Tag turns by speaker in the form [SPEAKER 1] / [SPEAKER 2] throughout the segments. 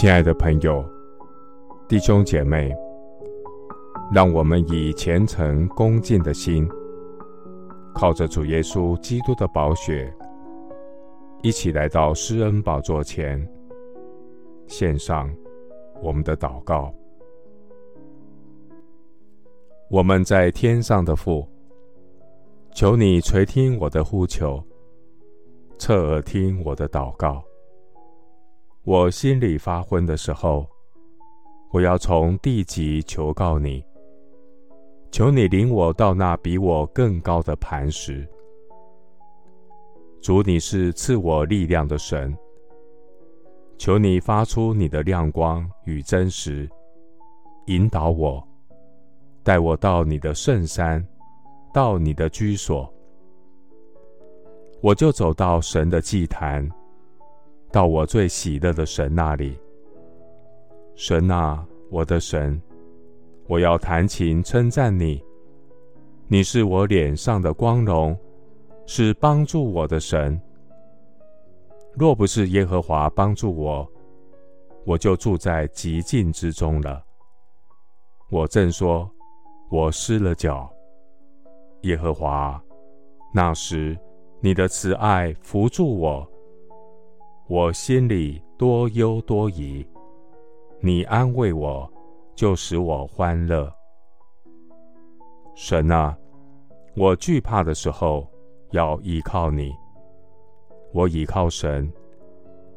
[SPEAKER 1] 親愛的朋友、弟兄姐妹，讓我們以虔誠恭敬的心，靠着主耶穌基督的寶血，一起來到施恩寶座前，獻上我們的禱告。我們在天上的父，求你垂聽我的呼求，側耳聽我的禱告。我心裡發昏的時候，我要從地極求告你，求你領我到那比我更高的磐石。主，你是賜我力量的神，求你發出你的亮光與真實，引導我，帶我到你的聖山，到你的居所，我就走到神的祭壇。到我最喜樂的神那裡，神啊，我的神，我要彈琴稱讚你。你是我臉上的光榮，是幫助我的神。若不是耶和華幫助我，我就住在寂靜之中了。我正說，我失了腳，耶和華，那時你的慈愛扶助我。我心裡多憂多疑，你安慰我，就使我歡樂。神啊，我懼怕的時候要依靠你，我倚靠神，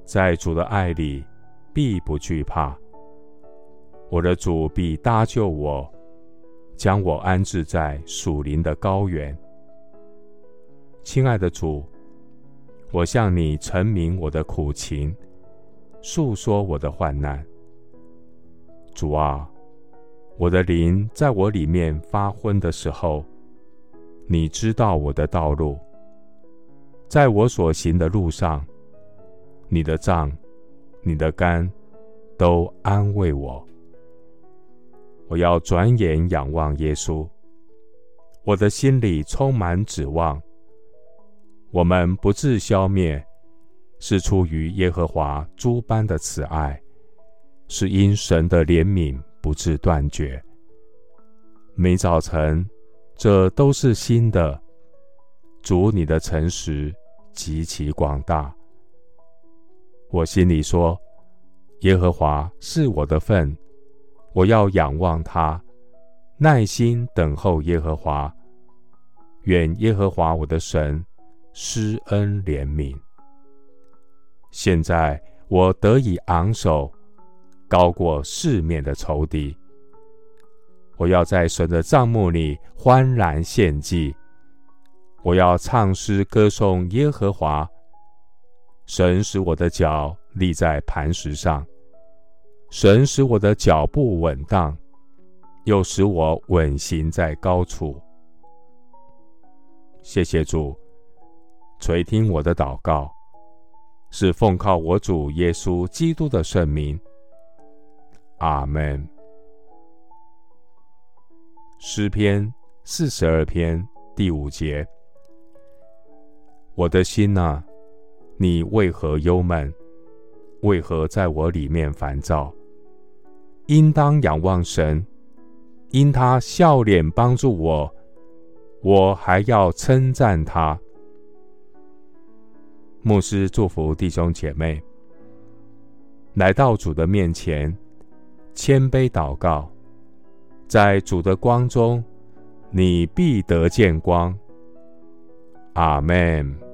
[SPEAKER 1] 在主的愛裡必不懼怕。我的主必搭救我，將我安置在屬靈的高原。親愛的主。我向你陳明我的苦情，訴說我的患難。主啊，我的靈在我裡面發昏的時候，你知道我的道路。在我所行的路上，你的杖、你的竿都安慰我。我要轉眼仰望耶穌，我的心裡充滿指望。我們不致消滅，是出於耶和華諸般的慈愛，是因神的憐憫不致斷絕。每早晨，這都是新的。主，你的誠實極其廣大。我心裡說，耶和華是我的份，我要仰望他，耐心等候耶和華。願耶和華我的神施恩憐憫。現在我得以昂首，高過四面的仇敵。我要在神的帳幕裡歡然獻祭，我要唱詩歌頌耶和華。神使我的腳立在磐石上，神使我的腳步穩當，又使我穩行在高處。謝謝主。垂聽我的禱告，是奉靠我主耶穌基督的聖名。阿門。詩篇四十二篇第五節：我的心哪，你為何憂悶？為何在我裡面煩躁？應當仰望神，因他笑臉幫助我，我還要稱讚他。牧師祝福弟兄姐妹，來到主的面前，謙卑禱告，在主的光中，你必得見光。阿門。